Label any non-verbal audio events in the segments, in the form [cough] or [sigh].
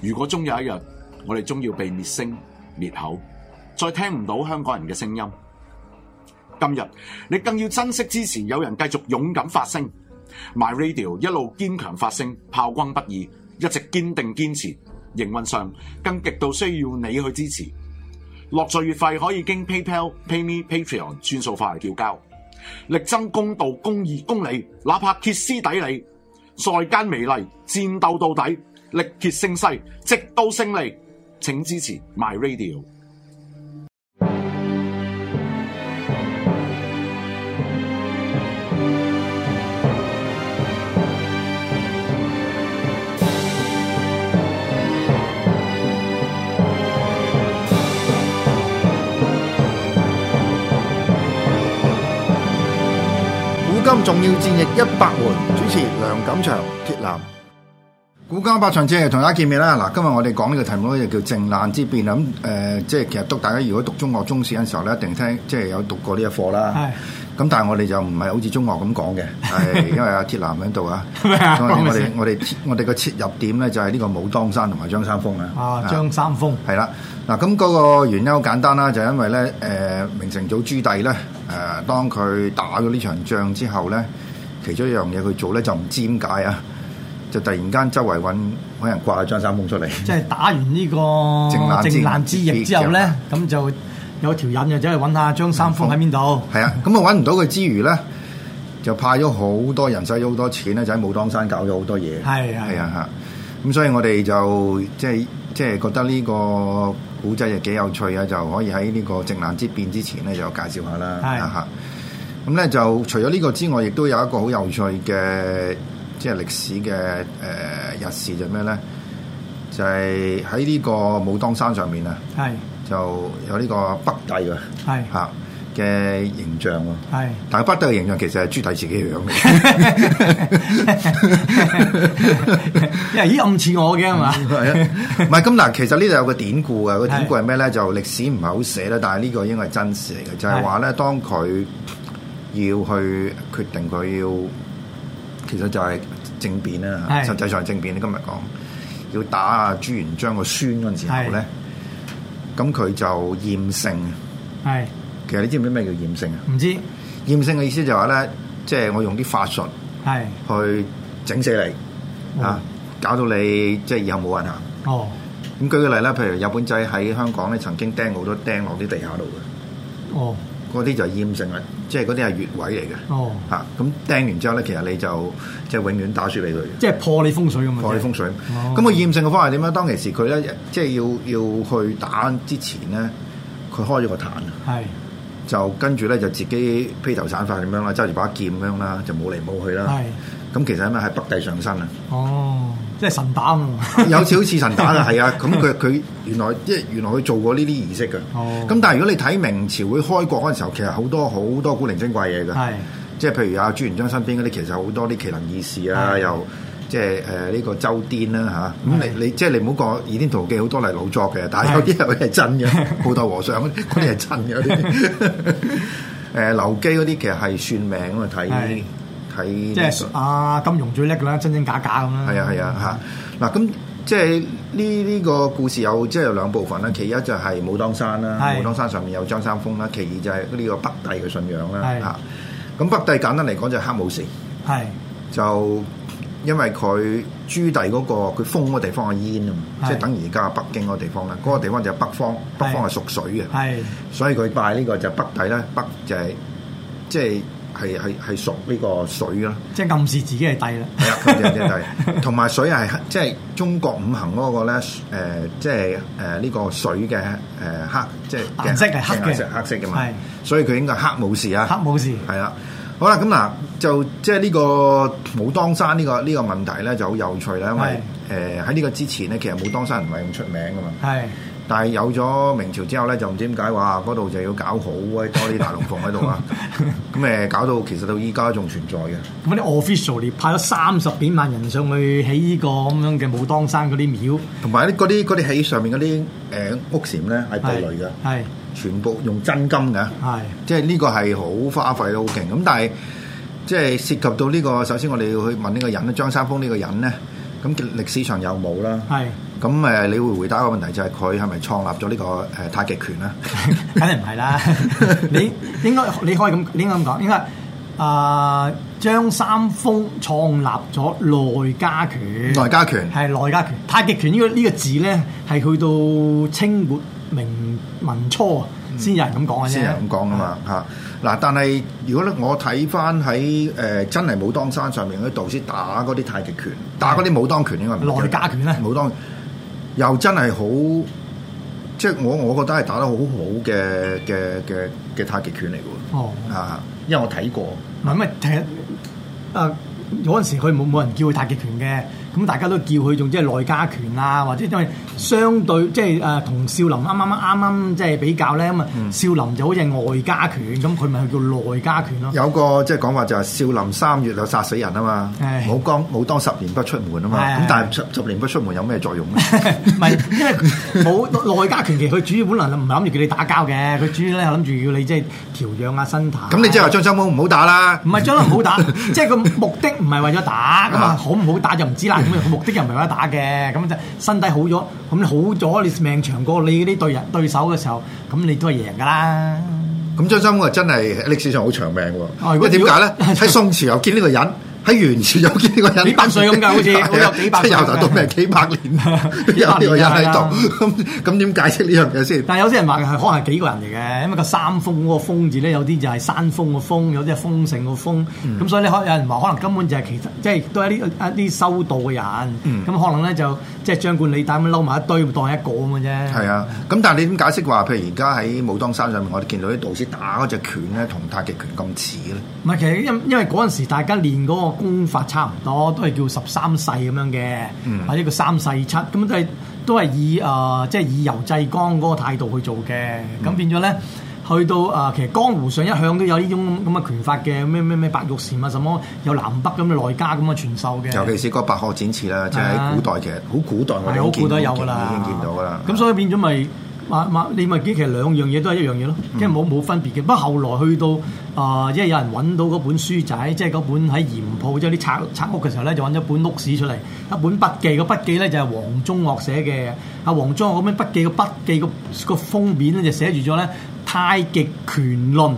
如果終有一日，我哋終要被滅聲滅口，再聽唔到香港人嘅聲音。今日你更要珍惜之前有人繼續勇敢發聲，My Radio 一路堅強發聲，炮轟不已，一直堅定堅持。營運上更極度需要你去支持。落座月費可以經 PayPal、PayMe、Patreon 轉數快嚟繳交，力爭公道、公義、公理，哪怕歇斯底里，再奸美麗，戰鬥到底。力竭勝勢，直到勝利。請支持 My Radio。古今重要戰役一百回，主持梁錦祥、鐵男。古今百場即係同大家見面啦。嗱，今日我哋講呢個題目咧就叫靖難之變咁。誒、呃，即係其實讀，大家如果讀中學、中史嗰陣時候咧，一定聽，即係有讀過呢一課啦。咁是但係我哋就唔係好似中學咁講嘅，係 [laughs] 因為阿鐵男喺度啊。所以我哋 [laughs] 我哋我哋個切入點咧就係呢個武當山同埋張三豐啊。張三豐的啊，張三豐係啦。嗱，咁嗰個原因好簡單啦，就係、因為咧，誒、呃，明成祖朱棣咧，誒、呃，當佢打咗呢場仗之後咧，其中一樣嘢佢做咧就唔知點解啊。就突然間周圍揾人掛張三豐出嚟，即係打完呢個靖難之，之役之後咧，咁就，就有條癮就走去揾下張三豐喺邊度。係風 [laughs] 啊，咁啊揾唔到佢之餘咧，就派咗好多人使咗好多錢咧，就喺武當山搞咗好多嘢。係是啊係啊嚇，咁所以我哋就即係即係覺得呢個古仔又幾有趣啊，就可以喺呢個靖難之變之前咧就介紹下啦。係是的 啊咁咧、啊嗯嗯嗯嗯嗯、就除咗呢個之外，亦都有一個好有趣嘅。即係歷史嘅誒日事就咩咧？就係喺呢個武當山上面啊，就有呢個北帝嘅，嚇嘅形象咯。但係北帝嘅形象其實係朱棣自己嘅樣嘅，因為咦暗似我嘅係嘛？唔係咁嗱，其實呢度有個典故啊。個典故係咩咧？就歷史唔係好寫啦，但係呢個應該係真事嚟嘅，就係話咧，當佢要去決定佢要，其實就係。政變啦，實際上政變。你今日講要打朱元璋個孫嗰陣時候咧，咁佢就驗性。係其實你知唔知咩叫驗性啊？唔知，驗性嘅意思就係話咧，即係我用啲法術，係去整死你啊！搞到你即係以後冇運行。哦，咁舉個例啦，譬如日本仔喺香港咧，曾經釘好多釘落啲地下度嘅。哦。嗰啲就厭勝啦，即係嗰啲係穴位嚟嘅。哦、啊，嚇咁釘完之後咧，其實你就即係、就是、永遠打輸俾佢。即係破你風水咁樣！破你風水。咁佢厭勝嘅方法點咧？當其時佢咧即係要要去打之前咧，佢開咗個壇。係。是 就跟住咧就自己披頭散髮咁樣啦，揸住把劍咁樣啦，就冇嚟冇去啦。係。咁其實咁啊，係北帝上身啊。哦。即係神打啊！ [laughs] 有少似神打啊，係啊！咁佢佢原來即係原來佢做過呢啲儀式嘅。哦！咁但係如果你睇明朝佢開國嗰陣時候，其實好多好多古靈精怪嘢嘅。係的。即係譬如阿朱元璋身邊嗰啲，其實好多啲奇能異士的、呃、啊，又的即係誒呢個周顛啦嚇。咁你你即係你唔好講《倚天屠龍記》，好多係老作嘅，但係有啲又係真嘅。布袋的和尚嗰啲係真嘅。誒 [laughs] [laughs] 劉基嗰啲其實係算命啊嘛睇。這個、即係啊，金融最叻啦，真真假假咁啦。係啊係啊嚇！嗱咁、啊、即係呢呢個故事有即係有兩部分啦。其一就係武當山啦，是武當山上面有張三豐啦。其二就係呢個北帝嘅信仰啦嚇。咁是北帝簡單嚟講就係黑武士，係是就因為佢朱棣嗰、那個佢封嗰地方係燕啊嘛，即係是等而家北京嗰個地方咧，嗰、那個地方就係北方，北方係屬水嘅，係是是所以佢拜呢個就北帝啦，北就係即係。就是就是就是係係係屬呢個水啦，即係暗示自己係帝啦。係啊，皇帝同埋水係即係中國五行嗰個咧，誒、呃、即係誒呢個水嘅誒、呃呃、黑，即係顏色係黑嘅，黑色黑色嘅嘛。係是，所以佢應該黑武士啊。黑武士係啦。好啦，咁嗱就即係呢個武當山呢、呢個呢、呢個問題咧就好有趣啦，因為誒喺呢個之前咧，其實武當山唔係咁出名噶嘛。係是。但係有咗明朝之後咧，就唔知點解話嗰度就要搞好啊，多啲大龍鳳喺度啊，咁誒、 [laughs] 嗯、搞到其實到依家仲存在嘅。咁啲 official 咧派咗三十幾萬人上去起呢個咁樣嘅武當山嗰啲廟，同埋啲嗰啲啲喺上面嗰啲誒屋檐咧係咩來嘅？係全部用真金㗎。係是，即係呢個係好花費都好勁。咁、嗯、但係即係涉及到呢、呢個，首先我哋要去問呢個人，張三豐呢個人咧，咁歷史上又有冇啦？係是。咁誒，你會回答一個問題，就係佢係咪創立咗呢、這個誒、呃、太極拳咧？肯定唔係啦， [laughs] 你應該你可以咁，你應該咁講，應該啊、呃、張三豐創立咗內家拳。內家拳係內家拳，太極拳呢、這個呢、這個字咧，係去到清末明民初先、嗯、有人咁講嘅，先有人咁講噶嘛嚇嗱，是是但係如果咧，我睇翻喺誒真係武當山上面嗰啲道士打嗰啲太極拳，打嗰啲武當拳，應該唔係、嗯、內家拳咧，武當拳。又真係好，即係我，我覺得係打得好好嘅嘅嘅嘅太極拳嚟嘅哦，啊，因為我睇過，唔係因為踢，啊嗰陣時佢冇冇人叫佢太極拳嘅。咁大家都叫佢仲即係內家拳啊，或者因為相對即係誒同少林啱啱啱啱即係比較咧咁啊，少林就好似外家拳，咁佢咪叫內家拳咯？有個即係講話就係少林三月有殺死人啊嘛，冇當冇當十年不出門啊嘛。咁但係十十年不出門有咩作用咧？唔係因為冇內家拳，其實佢主要本來唔係諗住叫你打交嘅，佢主要咧諗住要你即係調養下身體。咁你即係話張三豐唔好打啦？唔係張三唔好打，即係個目的唔係為咗打啊嘛，好唔好打就唔知啦。目的又唔係為咗打嘅，咁就身體好咗，咁你好咗你命長過你嗰啲對人對手嘅時候，咁你都係贏噶啦。咁張三豐真係歷史上好長命喎。哦，如果點解咧？喺 [laughs] 宋朝又見呢個人。喺完全有幾個人？幾百歲咁㗎，好似好有幾百。即係由頭到尾幾百年啦，有幾個人喺度？咁咁點解釋呢樣嘢先？但係有啲人話係可能係幾個人嚟嘅，因為個,峰個峰山峰嗰個峯字咧，有啲就係山峰個峰，嗯，有啲係豐盛個峯。咁所以咧，有人話可能根本就係其實即係都係一啲修道嘅人。咁、嗯、可能咧就即係張冠李戴咁撈埋一堆當一個咁嘅啫。係、嗯、啊，咁但係你點解釋話？譬如而家喺武當山上面，我哋見到啲道士打嗰隻拳咧，同太極拳咁似咧？唔係，其實因因為嗰陣時大家練嗰個。功法差唔多，都係叫十三世咁樣嘅，或者叫三世七，咁都係都係以誒、呃，即係以柔濟剛嗰個態度去做嘅。咁、嗯、變咗咧，去到誒、呃，其實江湖上一向都有呢種咁嘅拳法嘅，咩咩咩白玉扇啊，什麼，什麼，什麼，什麼有南北咁嘅內家咁嘅傳授嘅。尤其是個白鶴展翅啦，即、就、係、是、古代、啊、其實好古代我哋好古代有㗎啦，已經見到㗎啦。咁所以變咗咪、就是？嗯你咪見其實兩樣嘢都係一樣嘢咯，即係冇冇分別嘅。不過後來去到啊、呃，因為有人揾到嗰本書仔，即係嗰本喺鹽鋪即係啲拆拆屋嘅時候咧，就揾咗本屋史出嚟，一本筆記。個筆記咧就係王宗岳寫嘅。阿王宗岳咁樣筆記個筆記個個封面咧就寫住咗咧《太極拳論》。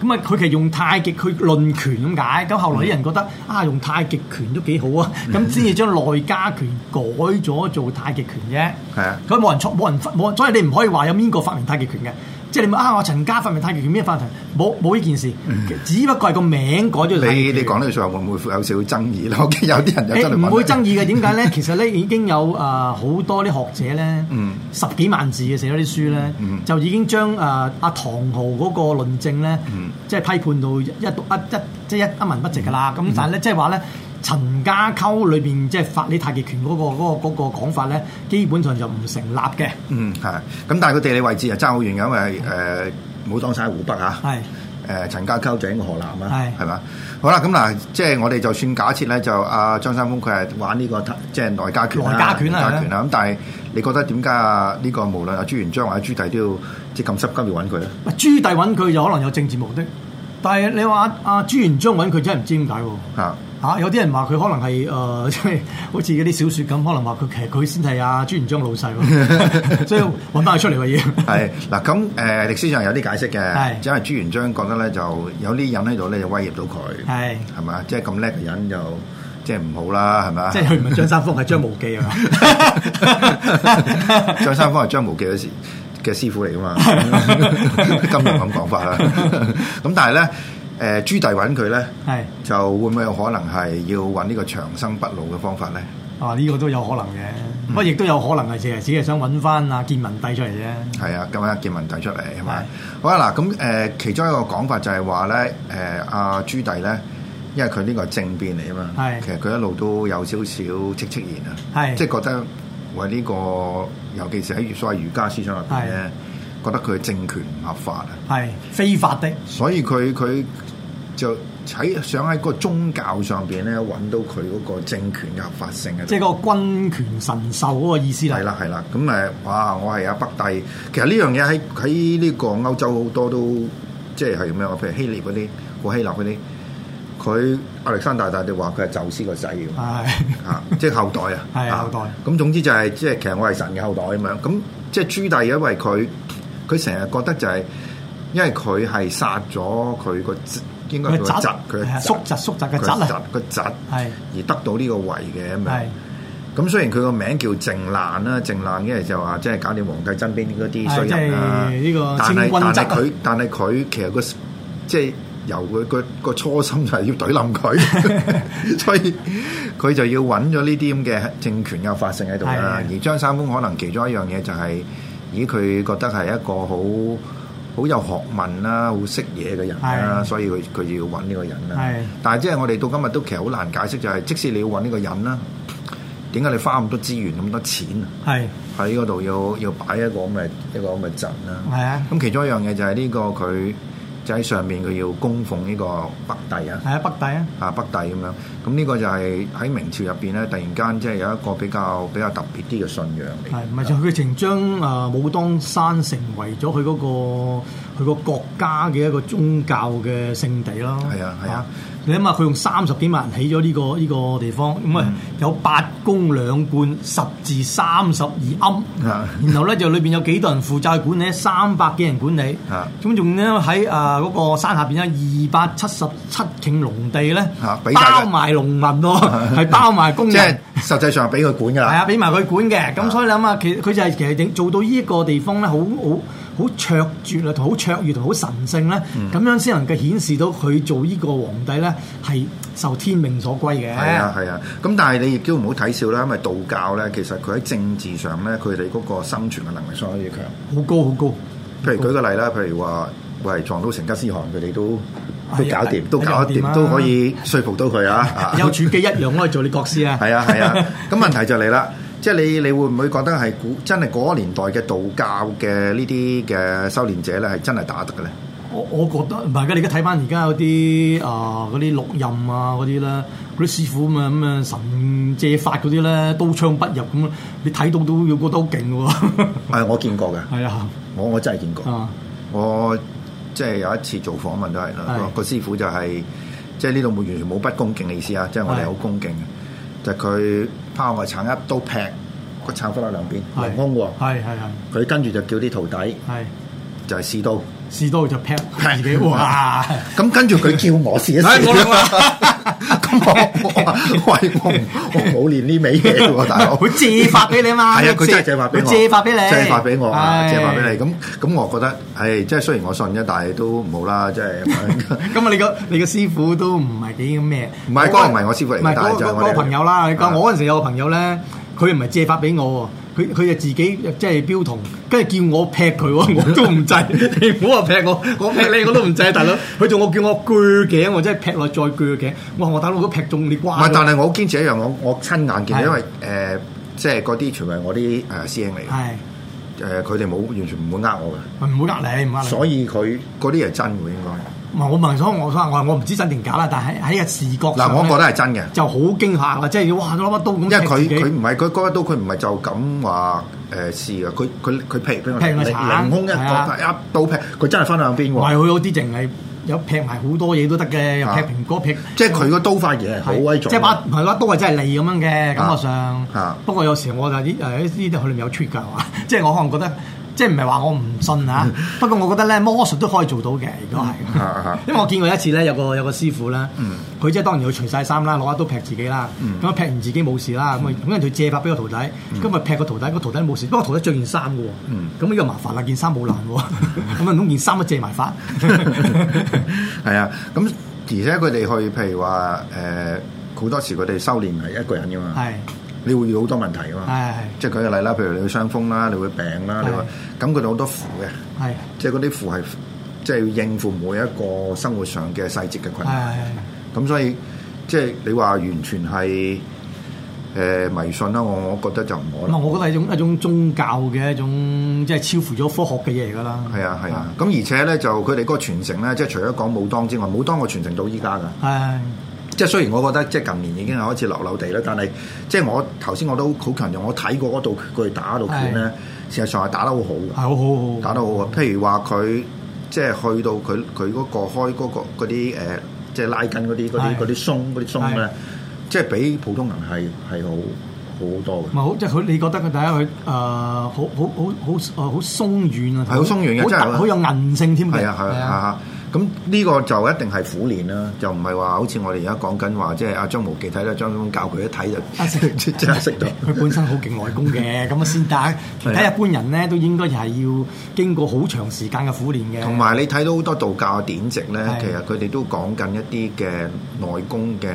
咁啊，佢其實用太極去論拳咁解，咁後來啲人覺得啊，用太極拳都幾好啊，咁先至將內家拳改咗做太極拳啫。係啊， [laughs] 咁冇人錯，冇人冇，所以你唔可以話有邊個發明太極拳嘅。即係你冇啊！我陳家發明太極，咩發明？冇冇呢件事，嗯、只不過係個名改咗。你你講呢句說話會唔會有少少爭議咧？我見有啲人又出嚟話唔會爭議嘅。點解咧？ [laughs] 其實咧已經有啊好、呃、多啲學者咧，嗯、十幾萬字嘅寫咗啲書咧，嗯嗯、就已經將啊阿、呃、唐豪嗰個論證咧，嗯嗯、即係批判到一一一即係一一,一,一,一,一,一文不值㗎喇。咁了但係咧，即係話咧。陳家溝裏邊即係發你太極拳嗰個嗰個講法咧，基本上就唔成立嘅。嗯，係。咁但係個地理位置又爭好遠嘅，因為誒唔好當曬湖北啊。係。誒陳家溝就喺個河南啊。係。係嘛？好啦，咁嗱，即係我哋就算假設咧，就阿張三豐佢係玩呢個即係內家拳。內家拳係內家拳啊，咁但係你覺得點解呢個無論阿朱元璋或者朱棣都要即係咁濕急要揾佢咧？朱棣揾佢就可能有政治目的，但係你話阿朱元璋揾佢真係唔知點解喎。嚇、啊！有啲人話佢可能係誒，即係好似嗰啲小説咁，可能話佢其實佢先係阿朱元璋老細， [laughs] [laughs] 所以揾翻佢出嚟喎要。係嗱咁誒，歷史上有啲解釋嘅，是因為朱元璋覺得咧，就有啲人喺度咧就威脅到佢，係係嘛？即係咁叻嘅人就即係唔好啦，係咪？即係佢唔係張三豐係張無忌啊！ [laughs] [laughs] [laughs] 張三豐係張無忌嘅師嘅師父嚟噶嘛？金庸咁講法啦。咁但係咧。誒朱棣揾佢咧，係是就會唔會有可能係要揾呢個長生不老嘅方法咧？啊，呢、這個都有可能嘅，不過亦都有可能係隻係只係想揾翻阿建文帝出嚟啫。係啊，揾阿建文帝出嚟係咪？好啊嗱，咁誒、呃、其中一個講法就係話咧，誒、呃、阿、啊、朱棣咧，因為佢呢個係政變嚟啊嘛，係是其實佢一路都有少少戚戚然啊，係是即係覺得為呢、這個，尤其是喺所謂儒家思想入邊咧，是覺得佢嘅政權唔合法啊，係非法的，是是所以佢佢。就喺想喺個宗教上邊咧揾到佢嗰個政權嘅合法性嘅，即係個君權神授嗰個意思啦。係啦係啦，咁誒，哇！我係阿北帝，其實呢樣嘢喺喺呢個歐洲好多都即係係咩啊？譬如希臘嗰啲，古希臘嗰啲，佢亞歷山大大帝話佢係宙斯個仔嘅，的啊，即係後代啊，係後代。咁總之就係即係其實我係神嘅後代咁樣。咁即係朱棣因為佢，佢成日覺得就係、是、因為佢係殺咗佢個。應該佢嘅侄，佢嘅叔侄叔侄嘅侄啊，個侄，而得到呢個位嘅咁樣。咁雖然佢個名叫靖難啦，靖難，因為就話即係搞掂皇帝身邊嗰啲衰人啊。呢個但係但係佢但係佢其實個即係由佢個個初心就係要對冧佢，所以佢就要揾咗呢啲咁嘅政權合法性喺度啦。而張三豐可能其中一樣嘢就係，咦？佢覺得係一個好。好有學問啦，好識嘢嘅人啦，係啊所以佢佢就要揾呢個人啦。係但係即係我哋到今日都其實好難解釋，就係即使你要揾呢個人啦，點解你花咁多資源咁多錢啊？係喺嗰度要要擺一個咁嘅一個咁嘅陣啦。係啊的。咁其中一樣嘢就係呢個佢就喺上面佢要供奉呢個北帝啊。係啊，北帝啊。啊，北帝咁樣。咁呢個就係喺明朝入邊咧，突然間即係有一個比較比較特別啲嘅信仰嚟。係唔係就佢曾將誒武當山成為咗佢嗰個佢個國家嘅一個宗教嘅聖地咯？係啊係啊！你諗下，佢用三十幾萬人起咗呢個呢個地方，咁啊有八宮兩觀十寺三十二庵，然後咧就裏邊有幾多人負責管理？三百幾人管理，咁仲咧喺誒嗰個山下邊咧二百七十七頃農地咧包埋。農民咯，係 [laughs] 包埋工公人。 [laughs] 即係實際上俾佢管㗎啦。係啊，俾埋佢管嘅。咁所以你諗啊，其實佢就係其實整做到依個地方咧，好好好卓絕啊，同好卓越同好神聖咧，咁樣先能夠顯示到佢做呢個皇帝咧係受天命所歸嘅。係啊，係啊。咁但係你亦都唔好睇笑啦，因為道教咧，其實佢喺政治上咧，佢哋嗰個生存嘅能力相當之強，好高好高，高高譬如舉個例啦，譬如話，喂撞到成吉思汗，佢哋都。都搞掂，都搞掂，都可以說服到佢啊！ [laughs] [laughs] 有主機一樣可以做你國師 [laughs] 啊！係啊係啊，咁問題就嚟啦， [laughs] 即係你你會唔會覺得係古真係嗰年代嘅道教嘅呢啲嘅修練者咧，係真係打得嘅咧？我我覺得唔係嘅，你而家睇翻而家有啲啊嗰啲六壬啊嗰啲啦，嗰啲師傅咁啊咁啊神借法嗰啲咧，刀槍不入咁，你睇到都要覺得好勁喎！係我見過嘅，係 [laughs] 是啊我，我我真係見過， [laughs] [laughs] 我。我我即係有一次做訪問都係啦，個是師傅就係、是、即係呢度冇完全冇不恭敬嘅意思啊！即係我哋好恭敬是就係佢拋個鏟一刀劈個鏟翻落兩邊，是凌空喎，係係係，佢跟住就叫啲徒弟是就係試刀。試多就劈劈嘅，哇！咁跟住佢叫我試一試。咁 [laughs] [laughs] 我，我冇練呢味嘢嘅，但係我，我 [laughs] 借發俾你嘛。係啊 [laughs] [laughs] 借，佢真係借發俾我，借發俾你，借發俾我啊，唉借發俾你。咁咁，我覺得，唉、哎，即係雖然我信啫，但係都唔好啦，即係。咁 [laughs] 啊， [laughs] 你個你個師傅都唔係幾咩？唔係、那個，嗰個唔係我師傅嚟，嗰、那個、那個、但就我朋友啦。我嗰陣時有個朋友咧，佢唔係借發俾我喎。佢佢就自己即係標同，跟住叫我劈佢，我都唔制。 [laughs] 你唔好話劈我，我劈你我都唔制，大佬。佢仲我叫我鋸頸，或者劈落再鋸頸。我話我，我大佬，都劈中你瓜。唔係，但係我堅持一樣，我我親眼見，的因為誒、呃，即係嗰啲全部係我啲誒、呃、師兄嚟，係誒的，佢哋冇完全唔會呃我嘅，唔會呃你，唔呃你。所以佢嗰啲係真嘅，應該。唔係我問咗我話我唔知真定假啦，但係喺個視覺嗱，我覺得係真嘅，就好驚嚇嘅，即係哇攞把刀咁，因為佢佢唔係佢嗰把刀佢唔係就咁話誒試嘅，佢佢佢劈俾劈，劈凌空一、啊、刀劈，佢真係分兩邊喎。佢有啲淨係有劈埋好多嘢都得嘅，又劈蘋果劈。啊、即係佢個刀法嘢係好威壯，即係把唔係把刀係真係利咁樣嘅感覺上。啊啊、不過有時我就啲誒呢啲裡面有 trick 嘅， [laughs] 即係我可能覺得。即係唔係話我唔信嚇？不過我覺得咧，魔術都可以做到嘅，都係。因為我見過一次咧，有個有個師傅咧，佢即係當然要除晒衫啦，攞一刀劈自己啦。咁劈完自己冇事啦，咁啊揾人借拍俾個徒弟。咁啊劈個徒弟，個徒弟冇事，不過徒弟着件衫嘅喎。咁呢個麻煩啦，件衫冇爛喎，咁啊攞件衫都借埋翻。係啊，咁而且佢哋去，譬如話誒，好多時佢哋修練係一個人嘅嘛。係。你會有好多問題噶嘛？係即係舉個例啦，譬如你會傷風啦，你會病啦，你話咁佢哋好多符嘅，係即係嗰啲符係即係要應付每一個生活上嘅細節嘅困難。咁所以即係你話完全係誒迷信啦，我覺得就唔可以啦。我覺得係一種一種宗教嘅一種，即係超乎咗科學嘅嘢㗎啦。係啊係啊，咁而且咧就佢哋嗰個傳承咧，即係除咗講武當之外，武當我傳承到依家㗎。係。即係雖然我覺得即係近年已經係開始落落地啦，但係即係我頭先我都好強調，我睇過嗰度佢哋打嗰度拳咧，事實的上係打得好好，好，好好，打得好。好。譬如話佢即係去到佢佢嗰個開嗰個嗰啲誒，即係拉筋嗰啲啲啲鬆嗰啲鬆咧，即係比普通人係係好好多嘅。唔係好，即係佢你覺得佢第一佢誒好好好好好鬆軟啊，係好鬆軟嘅，即係好有韌性添嘅。係啊係啊。的咁呢個就一定係苦練啦，就唔係話好似我哋而家講緊話，即係阿張無忌睇到張三豐教佢一睇就，啊識到。佢本身好勁內功嘅，咁啊 [laughs] 先得。睇一般人咧都應該係要經過好長時間嘅苦練嘅。同埋你睇到好多道教嘅典籍咧，是的 其實佢哋都講緊一啲嘅內功嘅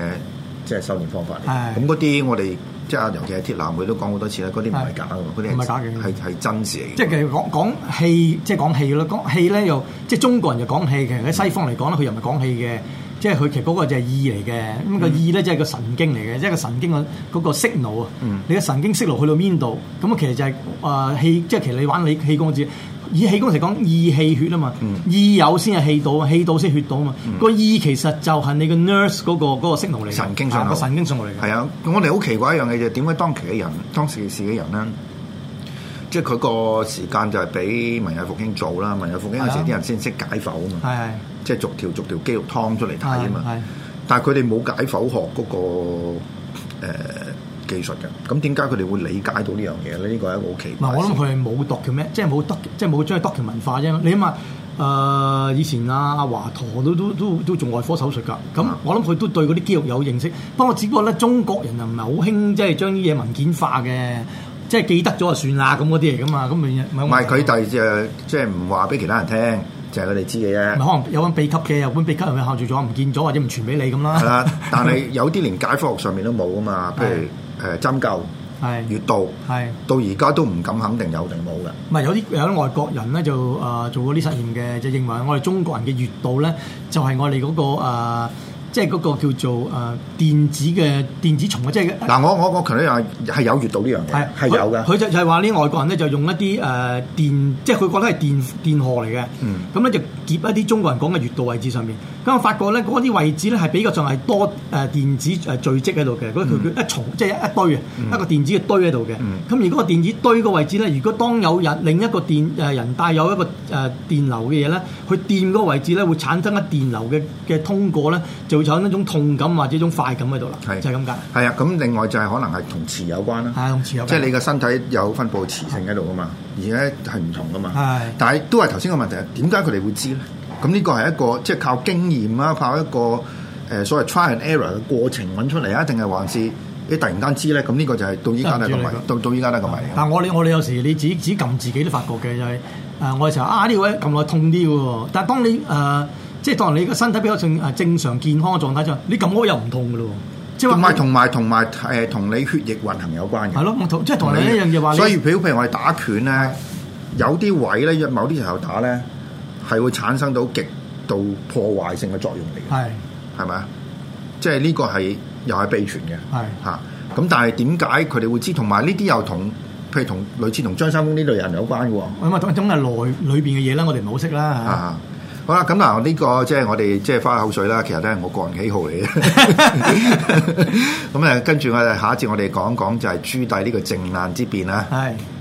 即係修練方法。咁嗰啲我哋。即係啊，尤其係鐵男佢都講好多次啦，嗰啲唔係假嘅，嗰啲係係真事嚟嘅。即係其實講講戲，即係講戲咯。講戲咧又即係中國人就講戲，其實喺西方嚟講咧，佢又唔係講戲嘅。即係佢其實嗰個就係意嚟嘅，咁、那個意咧即係個神經嚟嘅，嗯、即係個神經個訊號啊！你個神經訊號去到邊度？咁啊，其實就係、是、啊、呃、氣，即係其實你玩你氣功字，以氣功嚟講，意氣血啊嘛，嗯、意有先係氣到，氣到先血到啊嘛。嗯、個意其實就係你、那個 nurse 嗰、那個訊號嚟嘅，神經上個神經上嚟嘅。係啊，咁我哋好奇怪一樣嘢，就係點解當期嘅人，當時時嘅人咧？即係佢個時間就係俾文藝復興做啦，文藝復興有時啲人先識解剖啊嘛，的即係逐條逐條肌肉劏出嚟睇啊嘛。但係佢哋冇解剖學嗰、那個、呃、技術嘅，咁點解佢哋會理解到呢樣嘢咧？呢個係一個好奇怪。嗱，我諗佢係冇 document 嘅咩？即係冇即係冇將佢 document 化啫。你諗下，誒、呃、以前阿、啊、阿華佗都都都都做外科手術㗎，咁我諗佢都對嗰啲肌肉有認識。不過只不過咧，中國人又唔係好興即係將啲嘢文件化嘅。即係記得咗就算啦，咁嗰啲嚟噶嘛，咁咪唔係佢哋就即係唔話俾其他人聽，就係佢哋知嘅啫。可能有本秘笈嘅，有本秘笈又瞞住咗，唔見咗或者唔傳俾你咁啦。係啦，但係有啲連解剖學上面都冇噶嘛，譬 [laughs] 如誒針灸、穴、呃、道，到而家都唔敢肯定有定冇嘅。唔係有啲有啲外國人咧就誒、呃、做嗰啲實驗嘅，就認為我哋中國人嘅穴道咧就係、是、我哋嗰、那個、呃呃呃即係嗰個叫做誒、呃、電子嘅電子蟲啊！即係嗱，我我我強調係係有穴道呢樣嘢，係是有嘅。佢就係話啲外國人咧就用一啲誒、呃、電，即係佢覺得係電電荷嚟嘅。嗯。咁咧就夾一啲中國人講嘅穴道位置上面，咁我發覺咧嗰啲位置咧係比較上係多誒、呃、電子誒、呃、聚集喺度嘅，嗰條叫一蟲，即係一堆嘅、嗯、一個電子嘅堆喺度嘅。咁如果個電子堆個位置咧，如果當有日另一個電誒人帶有一個誒電流嘅嘢咧，佢掂個位置咧會產生一電流嘅嘅通過咧就。就有一種痛感或者一種快感喺度啦，就係咁解。係啊，咁另外就係、是、可能係同磁有關啦。係磁有關，即係你嘅身體有分布磁性喺度啊嘛，而咧係唔同噶嘛。係，但係都係頭先嘅問題係點解佢哋會知咧？咁呢個係一個即係靠經驗啦，靠一個誒所謂 try and error 嘅過程揾出嚟啊，定係還是，還是你突然間知咧？咁呢個就係到依家都係個謎，到到依家都係個謎。但我哋、這個、我你有時你自己撳自己都發覺嘅就係、是、誒，我哋成日啊呢位撳落痛啲喎，但係當你誒。即係當你個身體比較正，誒正常健康嘅狀態就，你咁屙又唔痛嘅咯，即係唔係同埋同埋誒同你血液運行有關嘅。係咯，即係同你一樣嘅話。所以譬如譬如我哋打拳咧，有啲位咧，某啲時候打咧，係會產生到極度破壞性嘅作用嚟嘅。係係咪啊？即係呢個係又係秘傳嘅。係嚇的。咁但係點解佢哋會知？同埋呢啲又同譬如同類似同張三豐呢類人有關嘅喎。咁啊，總係內裏邊嘅嘢啦，我哋唔好識啦嚇。好啦，咁嗱呢個即係我哋即係花口水啦，其實都係我個人喜好嚟嘅。咁誒， [laughs] 跟住我哋下一節我哋講一講就係朱棣呢個靖難之變啦。係。 [noise] [noise]